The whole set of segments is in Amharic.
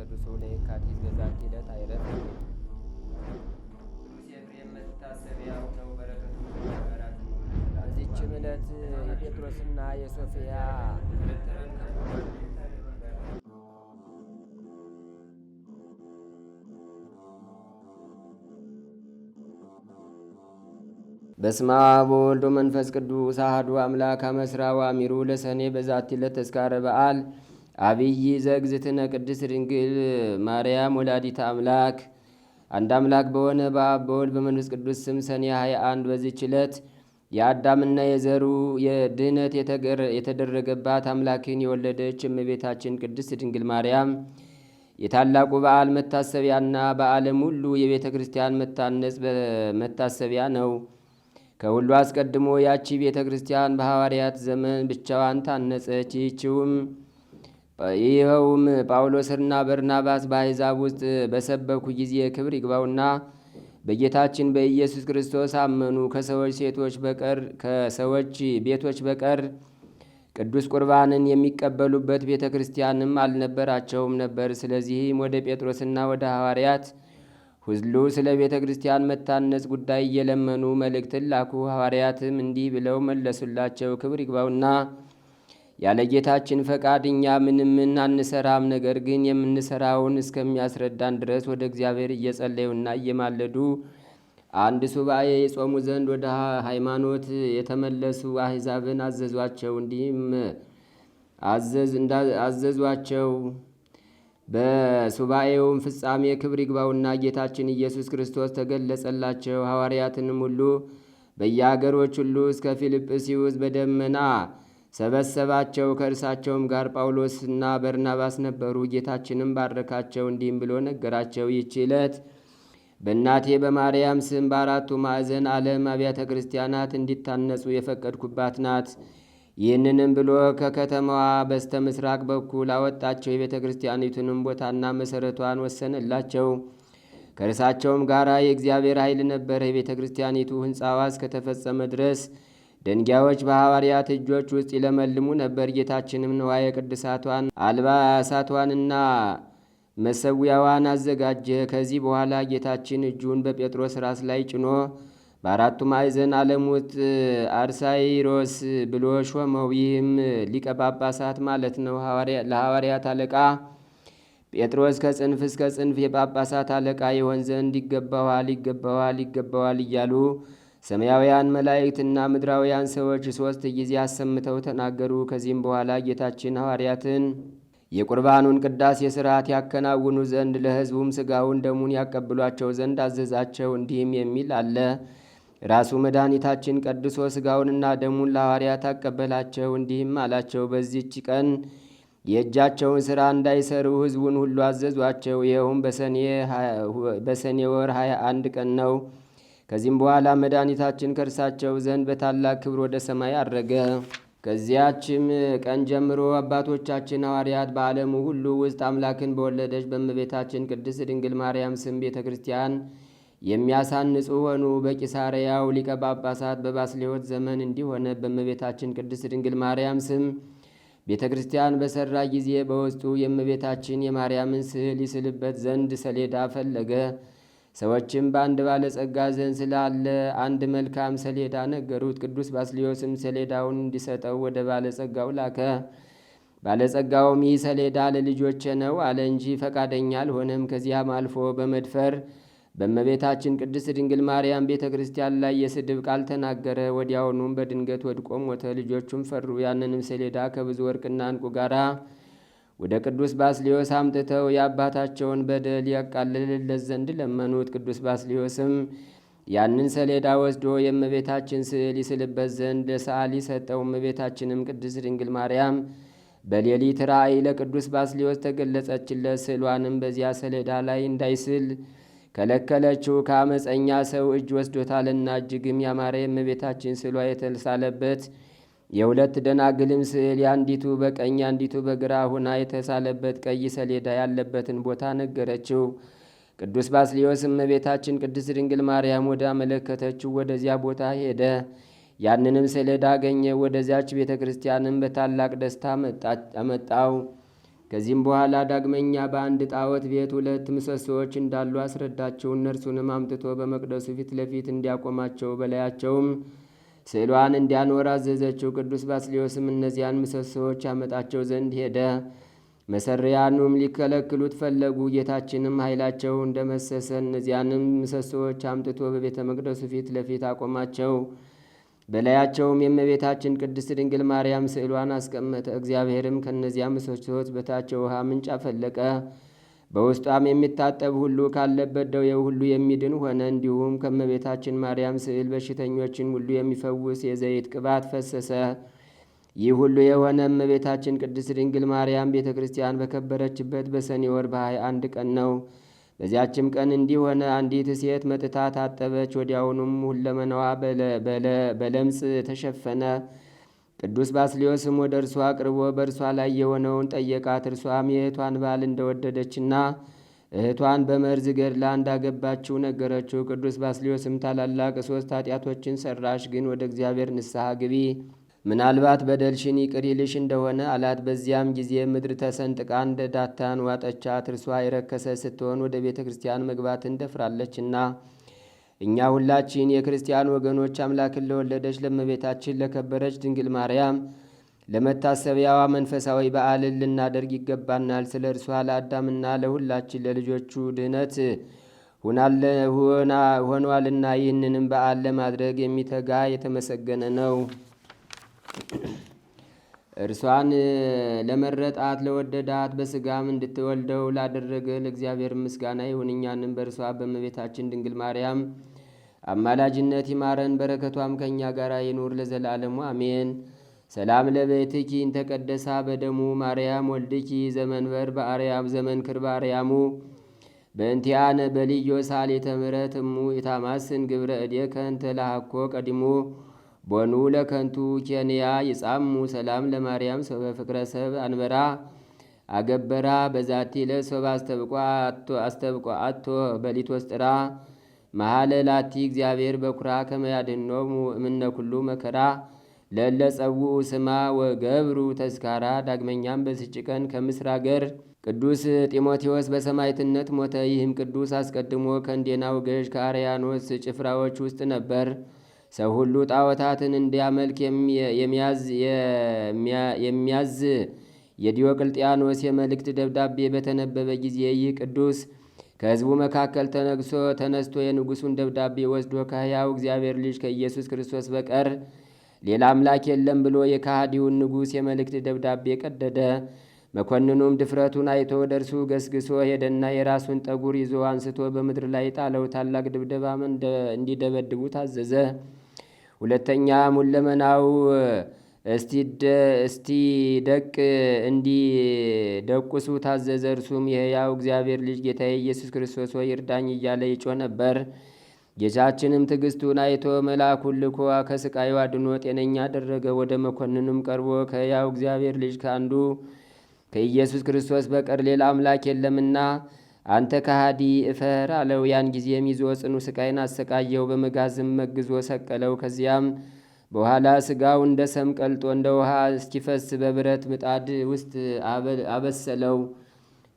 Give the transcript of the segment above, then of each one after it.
ቅዱስ ለየካቲት በዛቲ ዕለት አይረት ቅዱስ በዚችም ዕለት የጴጥሮስና የሶፊያ መንፈስ ቅዱስ አህዱ አምላክ አመስራ አሚሩ ለሰኔ በዛቲ ዕለት ተስካረ በዓል አብይ ዘእግዝእትነ ቅድስት ድንግል ማርያም ወላዲተ አምላክ አንድ አምላክ በሆነ በአብ በወልድ በመንፈስ ቅዱስ ስም ሰኔ 21 በዚህች ዕለት የአዳምና የዘሩ የድህነት የተደረገባት አምላክን የወለደች እመቤታችን ቅድስት ድንግል ማርያም የታላቁ በዓል መታሰቢያና በዓለም ሁሉ የቤተ ክርስቲያን መታነጽ መታሰቢያ ነው። ከሁሉ አስቀድሞ ያቺ ቤተ ክርስቲያን በሐዋርያት ዘመን ብቻዋን ታነጸች። ይህችውም ይኸውም ጳውሎስና በርናባስ በአሕዛብ ውስጥ በሰበኩ ጊዜ ክብር ይግባውና በጌታችን በኢየሱስ ክርስቶስ አመኑ። ከሰዎች ሴቶች በቀር ከሰዎች ቤቶች በቀር ቅዱስ ቁርባንን የሚቀበሉበት ቤተ ክርስቲያንም አልነበራቸውም ነበር። ስለዚህም ወደ ጴጥሮስና ወደ ሐዋርያት ሁሉ ስለ ቤተ ክርስቲያን መታነጽ ጉዳይ እየለመኑ መልእክትን ላኩ። ሐዋርያትም እንዲህ ብለው መለሱላቸው። ክብር ይግባውና ያለ ጌታችን ፈቃድ እኛ ምንም አንሰራም። ነገር ግን የምንሰራውን እስከሚያስረዳን ድረስ ወደ እግዚአብሔር እየጸለዩና እየማለዱ አንድ ሱባኤ የጾሙ ዘንድ ወደ ሃይማኖት የተመለሱ አሕዛብን አዘዟቸው። እንዲህም አዘዟቸው። በሱባኤውም ፍጻሜ ክብር ይግባውና ጌታችን ኢየሱስ ክርስቶስ ተገለጸላቸው። ሐዋርያትንም ሁሉ በየአገሮች ሁሉ እስከ ፊልጵስዩስ በደመና ሰበሰባቸው። ከእርሳቸውም ጋር ጳውሎስና በርናባስ ነበሩ። ጌታችንም ባረካቸው፣ እንዲህም ብሎ ነገራቸው። ይህች ዕለት በእናቴ በማርያም ስም በአራቱ ማዕዘን ዓለም አብያተ ክርስቲያናት እንዲታነጹ የፈቀድኩባት ናት። ይህንንም ብሎ ከከተማዋ በስተ ምስራቅ በኩል አወጣቸው። የቤተ ክርስቲያኒቱንም ቦታና መሠረቷን ወሰነላቸው። ከእርሳቸውም ጋር የእግዚአብሔር ኃይል ነበረ። የቤተ ክርስቲያኒቱ ሕንፃዋ እስከተፈጸመ ድረስ ድንጋዮች በሐዋርያት እጆች ውስጥ ይለመልሙ ነበር። ጌታችንም ንዋየ ቅድሳቷን አልባሳቷንና መሰዊያዋን አዘጋጀ። ከዚህ በኋላ ጌታችን እጁን በጴጥሮስ ራስ ላይ ጭኖ በአራቱ ማዕዘን አለሙት አርሳይሮስ ብሎ ሾመው። ይህም ሊቀ ጳጳሳት ማለት ነው። ለሐዋርያት አለቃ ጴጥሮስ ከጽንፍ እስከ ጽንፍ የጳጳሳት አለቃ የሆን ዘንድ ይገባዋል፣ ይገባዋል፣ ይገባዋል እያሉ ሰማያውያን መላእክትና ምድራውያን ሰዎች ሦስት ጊዜ አሰምተው ተናገሩ። ከዚህም በኋላ ጌታችን ሐዋርያትን የቁርባኑን ቅዳሴ ሥርዓት ያከናውኑ ዘንድ ለሕዝቡም ሥጋውን ደሙን ያቀብሏቸው ዘንድ አዘዛቸው። እንዲህም የሚል አለ። ራሱ መድኃኒታችን ቀድሶ ሥጋውንና ደሙን ለሐዋርያት አቀበላቸው። እንዲህም አላቸው፣ በዚህች ቀን የእጃቸውን ሥራ እንዳይሰሩ ሕዝቡን ሁሉ አዘዟቸው። ይኸውም በሰኔ ወር 21 ቀን ነው። ከዚህም በኋላ መድኃኒታችን ከእርሳቸው ዘንድ በታላቅ ክብር ወደ ሰማይ አድረገ። ከዚያችም ቀን ጀምሮ አባቶቻችን ሐዋርያት በዓለሙ ሁሉ ውስጥ አምላክን በወለደች በእመቤታችን ቅድስት ድንግል ማርያም ስም ቤተ ክርስቲያን የሚያሳንጹ ሆኑ። በቂሳርያው ሊቀ ጳጳሳት በባስሌዎት ዘመን እንዲሆነ በእመቤታችን ቅድስት ድንግል ማርያም ስም ቤተ ክርስቲያን በሠራ ጊዜ በውስጡ የእመቤታችን የማርያምን ስዕል ይስልበት ዘንድ ሰሌዳ ፈለገ። ሰዎችም በአንድ ባለጸጋ ዘንድ ስላለ አንድ መልካም ሰሌዳ ነገሩት። ቅዱስ ባስሊዮስም ሰሌዳውን እንዲሰጠው ወደ ባለጸጋው ላከ። ባለጸጋውም ይህ ሰሌዳ ለልጆቼ ነው አለ እንጂ ፈቃደኛ አልሆነም። ከዚያም አልፎ በመድፈር በእመቤታችን ቅድስት ድንግል ማርያም ቤተ ክርስቲያን ላይ የስድብ ቃል ተናገረ። ወዲያውኑም በድንገት ወድቆ ሞተ። ልጆቹም ፈሩ። ያንንም ሰሌዳ ከብዙ ወርቅና እንቁ ጋራ ወደ ቅዱስ ባስሊዮስ አምጥተው የአባታቸውን በደል ያቃልልለት ዘንድ ለመኑት። ቅዱስ ባስሊዮስም ያንን ሰሌዳ ወስዶ የእመቤታችን ስዕል ይስልበት ዘንድ ለሰዓሊ ሰጠው። እመቤታችንም ቅድስት ድንግል ማርያም በሌሊት ራእይ ለቅዱስ ባስሊዮስ ተገለጸችለት። ስዕሏንም በዚያ ሰሌዳ ላይ እንዳይስል ከለከለችው። ከአመፀኛ ሰው እጅ ወስዶታልና እጅግም ያማረ የእመቤታችን ስዕሏ የተሳለበት የሁለት ደናግልም ስዕል የአንዲቱ በቀኝ አንዲቱ በግራ ሁና የተሳለበት ቀይ ሰሌዳ ያለበትን ቦታ ነገረችው። ቅዱስ ባስልዮስም እመቤታችን ቅድስት ድንግል ማርያም ወደ አመለከተችው ወደዚያ ቦታ ሄደ። ያንንም ሰሌዳ አገኘ። ወደዚያች ቤተ ክርስቲያንም በታላቅ ደስታ አመጣው። ከዚህም በኋላ ዳግመኛ በአንድ ጣዖት ቤት ሁለት ምሰሶዎች እንዳሉ አስረዳቸው። እነርሱንም አምጥቶ በመቅደሱ ፊት ለፊት እንዲያቆማቸው በላያቸውም ስዕሏን እንዲያኖር አዘዘችው። ቅዱስ ባስልዮስም እነዚያን ምሰሶዎች ያመጣቸው ዘንድ ሄደ። መሰሪያኑም ሊከለክሉት ፈለጉ። ጌታችንም ኃይላቸው እንደመሰሰ እነዚያንም ምሰሶዎች አምጥቶ በቤተ መቅደሱ ፊት ለፊት አቆማቸው። በላያቸውም የእመቤታችን ቅድስት ድንግል ማርያም ስዕሏን አስቀመጠ። እግዚአብሔርም ከእነዚያ ምሰሶዎች በታች ውሃ ምንጭ አፈለቀ። በውስጧም የሚታጠብ ሁሉ ካለበት ደዌ ሁሉ የሚድን ሆነ። እንዲሁም ከእመቤታችን ማርያም ስዕል በሽተኞችን ሁሉ የሚፈውስ የዘይት ቅባት ፈሰሰ። ይህ ሁሉ የሆነ እመቤታችን ቅድስት ድንግል ማርያም ቤተ ክርስቲያን በከበረችበት በሰኔ ወር በሃያ አንድ ቀን ነው። በዚያችም ቀን እንዲህ ሆነ። አንዲት ሴት መጥታ ታጠበች። ወዲያውኑም ሁለመናዋ በለምጽ ተሸፈነ። ቅዱስ ባስልዮስም ወደ እርሷ አቅርቦ በእርሷ ላይ የሆነውን ጠየቃት። እርሷም የእህቷን ባል እንደወደደችና እህቷን በመርዝ ገድላ እንዳገባችው ነገረችው። ቅዱስ ባስልዮስም ታላላቅ ሶስት ኃጢአቶችን ሰራሽ፣ ግን ወደ እግዚአብሔር ንስሐ ግቢ፣ ምናልባት በደልሽን ይቅር ይልሽ እንደሆነ አላት። በዚያም ጊዜ ምድር ተሰንጥቃ እንደ ዳታን ዋጠቻት። እርሷ የረከሰች ስትሆን ወደ ቤተ ክርስቲያን መግባት እንደፍራለችና እኛ ሁላችን የክርስቲያን ወገኖች አምላክን ለወለደች ለእመቤታችን ለከበረች ድንግል ማርያም ለመታሰቢያዋ መንፈሳዊ በዓልን ልናደርግ ይገባናል። ስለ እርሷ ለአዳምና ለሁላችን ለልጆቹ ድህነት ሆኗልና ይህንንም በዓል ለማድረግ የሚተጋ የተመሰገነ ነው። እርሷን ለመረጣት ለወደዳት በስጋም እንድትወልደው ላደረገ ለእግዚአብሔር ምስጋና ይሁን። እኛንም በእርሷ በእመቤታችን ድንግል ማርያም አማላጅነት ይማረን፣ በረከቷም ከእኛ ጋር ይኑር ለዘላለሙ አሜን። ሰላም ለቤትኪ እንተቀደሳ በደሙ ማርያም ወልድኪ ዘመንበር በአርያም ዘመን ክርባርያሙ በእንቲያነ በልዮ ሳል የተምረት እሙ የታማስን ግብረ እዴ ከንተ ለሃኮ ቀዲሞ ቦኑ ለከንቱ ኬንያ ይጻሙ ሰላም ለማርያም ሰበ ፍቅረ ሰብ አንበራ አገበራ በዛቲ ለሰብ አስተብቋ አቶ በሊት ወስጥራ መሐለ ላቲ እግዚአብሔር በኩራ ከመያድኖሙ እምነኩሉ መከራ ለለፀው ስማ ወገብሩ ተስካራ። ዳግመኛም በስጭ ቀን ከምስር አገር ቅዱስ ጢሞቴዎስ በሰማይትነት ሞተ። ይህም ቅዱስ አስቀድሞ ከእንዴና ገዥ ከአርያኖስ ጭፍራዎች ውስጥ ነበር። ሰው ሁሉ ጣዖታትን እንዲያመልክ የሚያዝ የዲዮቅልጥያኖስ የመልእክት ደብዳቤ በተነበበ ጊዜ ይህ ቅዱስ ከሕዝቡ መካከል ተነግሶ ተነስቶ የንጉሡን ደብዳቤ ወስዶ ካህያው እግዚአብሔር ልጅ ከኢየሱስ ክርስቶስ በቀር ሌላ አምላክ የለም ብሎ የካሃዲውን ንጉሥ የመልእክት ደብዳቤ ቀደደ። መኮንኑም ድፍረቱን አይቶ ወደ እርሱ ገስግሶ ሄደና የራሱን ጠጉር ይዞ አንስቶ በምድር ላይ ጣለው። ታላቅ ድብደባም እንዲደበድቡ ታዘዘ። ሁለተኛ ሙለመናው እንዲ ደቁሱ ታዘዘ። እርሱም የሕያው እግዚአብሔር ልጅ ጌታዬ ኢየሱስ ክርስቶስ ሆይ እርዳኝ እያለ ይጮ ነበር። ጌታችንም ትዕግስቱን አይቶ መልአኩን ልኮ ከስቃዩ አድኖ ጤነኛ አደረገ። ወደ መኮንኑም ቀርቦ ከሕያው እግዚአብሔር ልጅ ከአንዱ ከኢየሱስ ክርስቶስ በቀር ሌላ አምላክ የለምና አንተ ከሃዲ እፈር አለው። ያን ጊዜም ይዞ ጽኑ ስቃይን አሰቃየው፣ በመጋዝም መግዞ ሰቀለው። ከዚያም በኋላ ስጋው እንደ ሰም ቀልጦ እንደ ውሃ እስኪፈስ በብረት ምጣድ ውስጥ አበሰለው።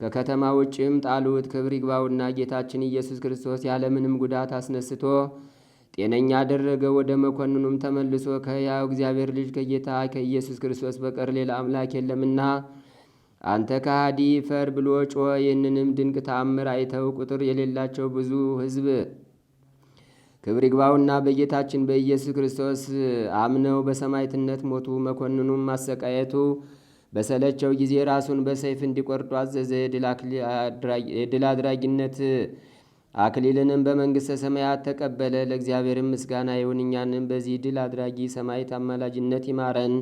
ከከተማ ውጭም ጣሉት። ክብር ይግባውና ጌታችን ኢየሱስ ክርስቶስ ያለምንም ጉዳት አስነስቶ ጤነኛ አደረገ። ወደ መኮንኑም ተመልሶ ከሕያው እግዚአብሔር ልጅ ከጌታ ከኢየሱስ ክርስቶስ በቀር ሌላ አምላክ የለምና አንተ ከሃዲ ፈር ብሎ ጮኸ። ይህንንም ድንቅ ተአምር አይተው ቁጥር የሌላቸው ብዙ ሕዝብ ክብር ይግባውና በጌታችን በኢየሱስ ክርስቶስ አምነው በሰማዕትነት ሞቱ። መኮንኑም ማሰቃየቱ በሰለቸው ጊዜ ራሱን በሰይፍ እንዲቆርጡ አዘዘ። የድል አድራጊነት አክሊልንም በመንግሥተ ሰማያት ተቀበለ። ለእግዚአብሔርም ምስጋና ይሁን፣ እኛንም በዚህ ድል አድራጊ ሰማዕት አማላጅነት ይማረን፣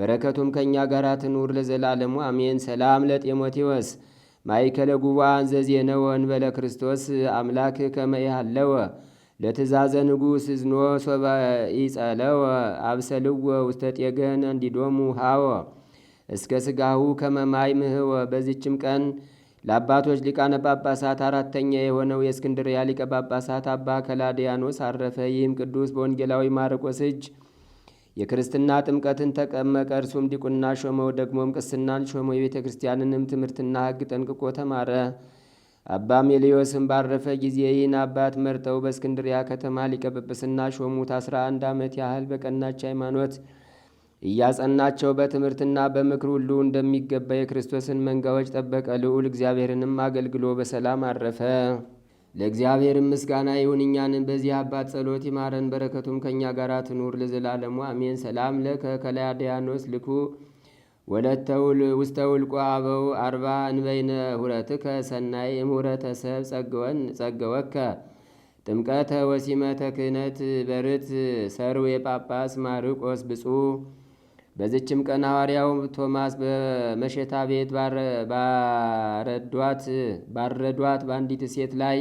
በረከቱም ከእኛ ጋር ትኑር ለዘላለሙ አሜን። ሰላም ለጢሞቴዎስ ማይከለ ጉባኤ ዘዜነወ ክርስቶስ አምላክ ከመ ይሃለወ ለትእዛዘ ንጉሥ እዝኖ ሶበ ኢጸለወ አብሰልወ ውስተ ጤገን እንዲዶሙ ሃወ እስከ ስጋሁ ከመማይ ምህወ። በዚችም ቀን ለአባቶች ሊቃነ ጳጳሳት አራተኛ የሆነው የእስክንድርያ ሊቀ ጳጳሳት አባ ከላዲያኖስ አረፈ። ይህም ቅዱስ በወንጌላዊ ማርቆስ እጅ የክርስትና ጥምቀትን ተቀመቀ። እርሱም ዲቁና ሾመው፣ ደግሞም ቅስናን ሾመው። የቤተ ክርስቲያንንም ትምህርትና ሕግ ጠንቅቆ ተማረ። አባ ሜልዮስም ባረፈ ጊዜ ይህን አባት መርጠው በእስክንድሪያ ከተማ ሊቀበብስና ሾሙት። አስራ አንድ ዓመት ያህል በቀናች ሃይማኖት እያጸናቸው በትምህርትና በምክር ሁሉ እንደሚገባ የክርስቶስን መንጋዎች ጠበቀ። ልዑል እግዚአብሔርንም አገልግሎ በሰላም አረፈ። ለእግዚአብሔር ምስጋና ይሁን። እኛንም በዚህ አባት ጸሎት ይማረን፣ በረከቱም ከእኛ ጋር ትኑር ለዘላለሙ አሜን። ሰላም ለከ ከላያዲያኖስ ልኩ ወለተውል ውስተ ውልቁ አበው አርባ እንበይነ ሁረትከ ሰናይ ሰብ ጸገወን ጸገወከ ጥምቀተ ወሲመተ ክህነት በርት ሰርዌ የጳጳስ ማርቆስ ብፁ በዚችም ቀን ሐዋርያው ቶማስ በመሸታ ቤት ባረዷት በአንዲት ሴት ላይ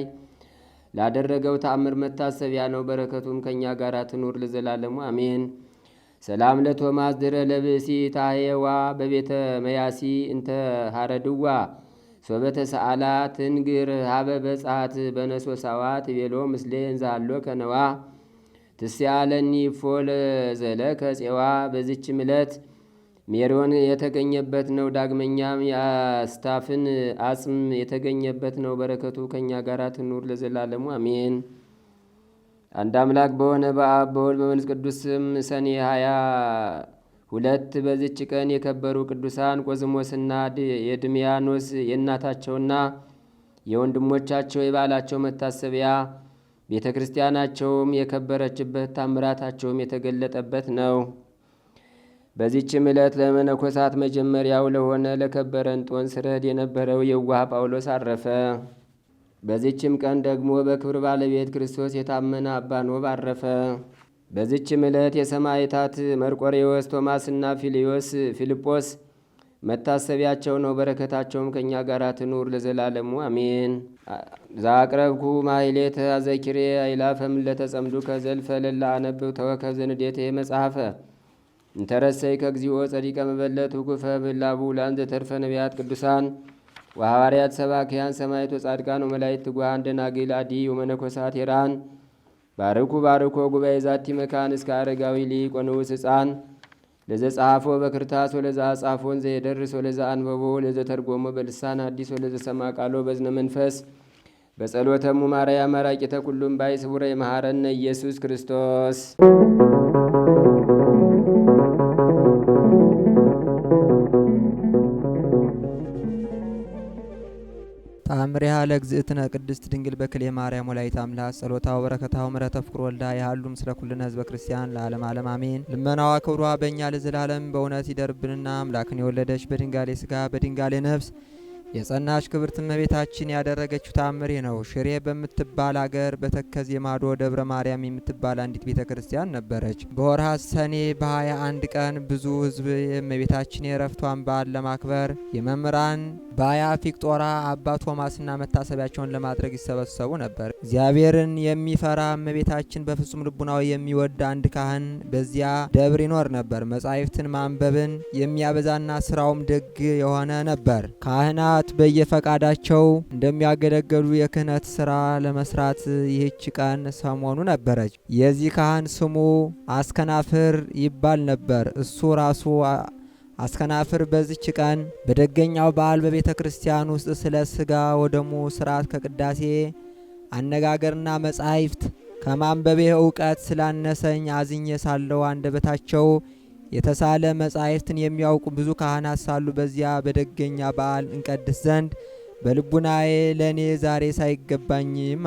ላደረገው ተአምር መታሰቢያ ነው። በረከቱም ከእኛ ጋር ትኑር ለዘላለሙ አሜን። ሰላም ለቶማስ ድረ ለብእሲ ታየዋ በቤተ መያሲ እንተ ሃረድዋ ሶበተ ሰዓላ ትንግር ሀበ በጻት በነሶሳዋ ቤሎ ምስሌ እንዛሎ ከነዋ ትስያለኒ ፎል ዘለ ከጼዋ በዚች ምለት ሜሮን የተገኘበት ነው። ዳግመኛም የአስታፍን አጽም የተገኘበት ነው። በረከቱ ከእኛ ጋራ ትኑር ለዘላለሙ አሜን። አንድ አምላክ በሆነ በአብ በወልድ በመንፈስ ቅዱስ ስም ሰኔ ሃያ ሁለት በዚች ቀን የከበሩ ቅዱሳን ቆዝሞስና የድሚያኖስ የእናታቸውና የወንድሞቻቸው የበዓላቸው መታሰቢያ ቤተ ክርስቲያናቸውም የከበረችበት ታምራታቸውም የተገለጠበት ነው። በዚችም ዕለት ለመነኮሳት መጀመሪያው ለሆነ ለከበረ እንጦንስ ረድ የነበረው የዋህ ጳውሎስ አረፈ። በዚችም ቀን ደግሞ በክብር ባለቤት ክርስቶስ የታመነ አባ ኖብ አረፈ። በዚችም ዕለት የሰማዕታት መርቆሬዎስ፣ ቶማስና ፊልዮስ ፊልጶስ መታሰቢያቸው ነው። በረከታቸውም ከእኛ ጋር ትኑር ለዘላለሙ አሜን። ዛቅረብኩ ማይሌተ አዘኪሬ አይላፈም ለተጸምዱ ከዘልፈ ለላ አነብብ ተወከዘንዴቴ መጽሐፈ እንተረሰይ ከእግዚኦ ጸዲቀ መበለት ውኩፈ ብላቡ ላንዘ ተርፈ ነቢያት ቅዱሳን ወሐዋርያት ሰባክያን ሰማይቱ ጻድቃን ወመላእክት ትጓን ደናግል አዲ ወመነኮሳት ሄራን ባርኩ ባርኮ ጉባኤ ዛቲ መካን እስከ አረጋዊ ሊቆ ወንዑስ ሕፃን ለዘ ጸሐፎ በክርታስ ወለዛ ጻፎን ዘየደርስ ወለዛ አንበቦ ለዘ ተርጎሞ በልሳን አዲስ ወለዘ ሰማ ቃሎ በዝነ መንፈስ በጸሎተሙ ማርያም አራቂተ ኩሉም ባይ ስቡረ የመሐረነ ኢየሱስ ክርስቶስ ተአምሪሃ ለእግዝእትነ ቅድስት ድንግል በክሌ ማርያም ወላይት አምላክ ጸሎታው በረከታው ምሕረተ ፍቅር ወልዳ የሃሉም ስለ ኩልነ ህዝበ ክርስቲያን ለዓለም ዓለም አሜን። ልመናዋ ክብሯ በእኛ ለዘላለም በእውነት ይደርብንና አምላክን የወለደች በድንጋሌ ስጋ በድንጋሌ ነፍስ የጸናች ክብርት እመቤታችን ያደረገችው ተአምር ነው። ሽሬ በምትባል አገር በተከዝ የማዶ ደብረ ማርያም የምትባል አንዲት ቤተ ክርስቲያን ነበረች። በወርሃ ሰኔ በሀያ አንድ ቀን ብዙ ሕዝብ የእመቤታችን የረፍቷን በዓል ለማክበር የመምህራን ባያ ፊቅጦራ አባ ቶማስና መታሰቢያቸውን ለማድረግ ይሰበሰቡ ነበር። እግዚአብሔርን የሚፈራ እመቤታችን በፍጹም ልቡናው የሚወድ አንድ ካህን በዚያ ደብር ይኖር ነበር። መጻሕፍትን ማንበብን የሚያበዛና ስራውም ደግ የሆነ ነበር። ካህና ካህናት በየፈቃዳቸው እንደሚያገለግሉ የክህነት ስራ ለመስራት ይህች ቀን ሰሞኑ ነበረች። የዚህ ካህን ስሙ አስከናፍር ይባል ነበር። እሱ ራሱ አስከናፍር በዚች ቀን በደገኛው በዓል በቤተ ክርስቲያን ውስጥ ስለ ስጋ ወደሙ ስርዓት ከቅዳሴ አነጋገርና መጻሕፍት ከማንበቤ እውቀት ስላነሰኝ አዝኜ ሳለው አንደበታቸው የተሳለ መጻሕፍትን የሚያውቁ ብዙ ካህናት ሳሉ በዚያ በደገኛ በዓል እንቀድስ ዘንድ በልቡናዬ ለእኔ ዛሬ ሳይገባኝም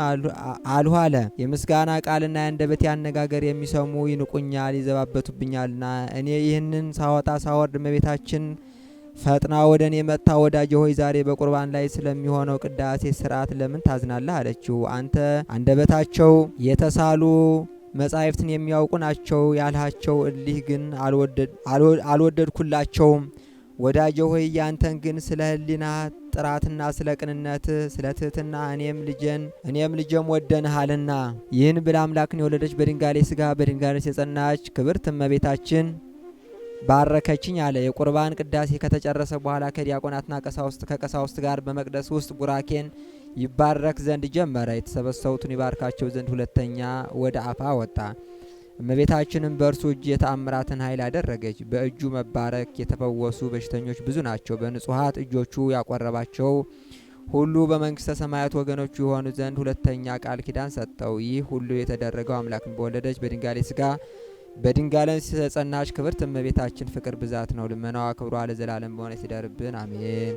አልሁ አለ። የምስጋና ቃልና የአንደበቴ አነጋገር የሚሰሙ ይንቁኛል፣ ይዘባበቱብኛልና እኔ ይህንን ሳወጣ ሳወርድ እመቤታችን ፈጥና ወደ እኔ መጥታ ወዳጄ ሆይ ዛሬ በቁርባን ላይ ስለሚሆነው ቅዳሴ ስርዓት ለምን ታዝናለህ? አለችው። አንተ አንደበታቸው የተሳሉ መጻሕፍትን የሚያውቁ ናቸው ያልሃቸው እሊህ ግን አልወደድኩላቸውም። ወዳጄ ሆይ ያንተን ግን ስለ ህሊና ጥራትና ስለ ቅንነት ስለ ትህትና እኔም ልጄን እኔም ልጄም ወደንሃልና ይህን ብላ አምላክን የወለደች በድንጋሌ ስጋ በድንጋሌ የጸናች ክብርት እመቤታችን ባረከችኝ አለ። የቁርባን ቅዳሴ ከተጨረሰ በኋላ ከዲያቆናትና ቀሳውስት ከቀሳውስት ጋር በመቅደስ ውስጥ ቡራኬን ይባረክ ዘንድ ጀመረ። የተሰበሰቡትን ይባርካቸው ዘንድ ሁለተኛ ወደ አፋ ወጣ። እመቤታችንም በእርሱ እጅ የተአምራትን ኃይል አደረገች። በእጁ መባረክ የተፈወሱ በሽተኞች ብዙ ናቸው። በንጹሀት እጆቹ ያቆረባቸው ሁሉ በመንግስተ ሰማያት ወገኖቹ የሆኑ ዘንድ ሁለተኛ ቃል ኪዳን ሰጠው። ይህ ሁሉ የተደረገው አምላክን በወለደች በድንጋሌ ስጋ በድንጋለን ስለጸናች ክብርት እመቤታችን ፍቅር ብዛት ነው። ልመናዋ ክብሯ ለዘላለም በሆነ ሲደርብን አሜን።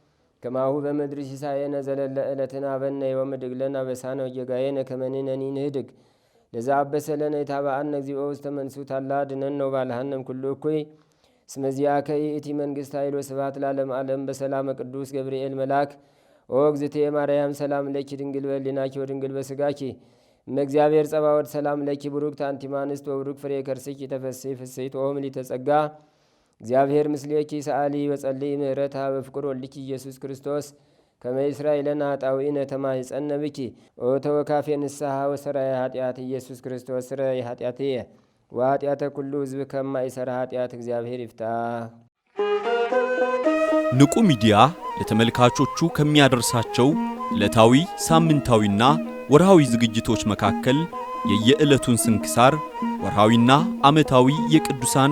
ከማሁ በምድሪ ሲሳየነ ዘለለ ዕለትን አበነ ወምድግለን አበሳነ ወጌጋየነ ከመንነኒ ንህድግ ለዛ አበሰለነ የታባአነ እግዚኦ ውስተ መንሱት አላ ድነን ነው ባልሃንም ኩሉ እኩይ ስመዚያከ ይእቲ መንግስት ኃይሎ ስብሐት ላለም ዓለም በሰላመ ቅዱስ ገብርኤል መልአክ ኦ እግዝእቴ ማርያም ሰላም ለኪ ድንግል በሊናኪ ወድንግል በስጋኪ እመእግዚአብሔር ጸባወድ ሰላም ለኪ ቡሩክት አንቲ እምአንስት ፍሬ ከርስኪ ተፈሥሒ ፍሥሕት ኦ ምልዕተ እግዚአብሔር ምስሌኪ ሰዓሊ በጸልይ ምህረታ በፍቅር ወልኪ ኢየሱስ ክርስቶስ ከመእስራኤልን አጣዊ ነተማ ይጸነብኪ ኦተወካፌ ንስሐ ወሰራይ ኃጢአት ኢየሱስ ክርስቶስ ስረይ ኃጢአትየ ወኃጢአተ ኩሉ ከማ ከማይሰራ ኃጢአት እግዚአብሔር ይፍታ። ንቁ ሚዲያ ለተመልካቾቹ ከሚያደርሳቸው ዕለታዊ ሳምንታዊና ወርሃዊ ዝግጅቶች መካከል የየዕለቱን ስንክሳር ወርሃዊና ዓመታዊ የቅዱሳን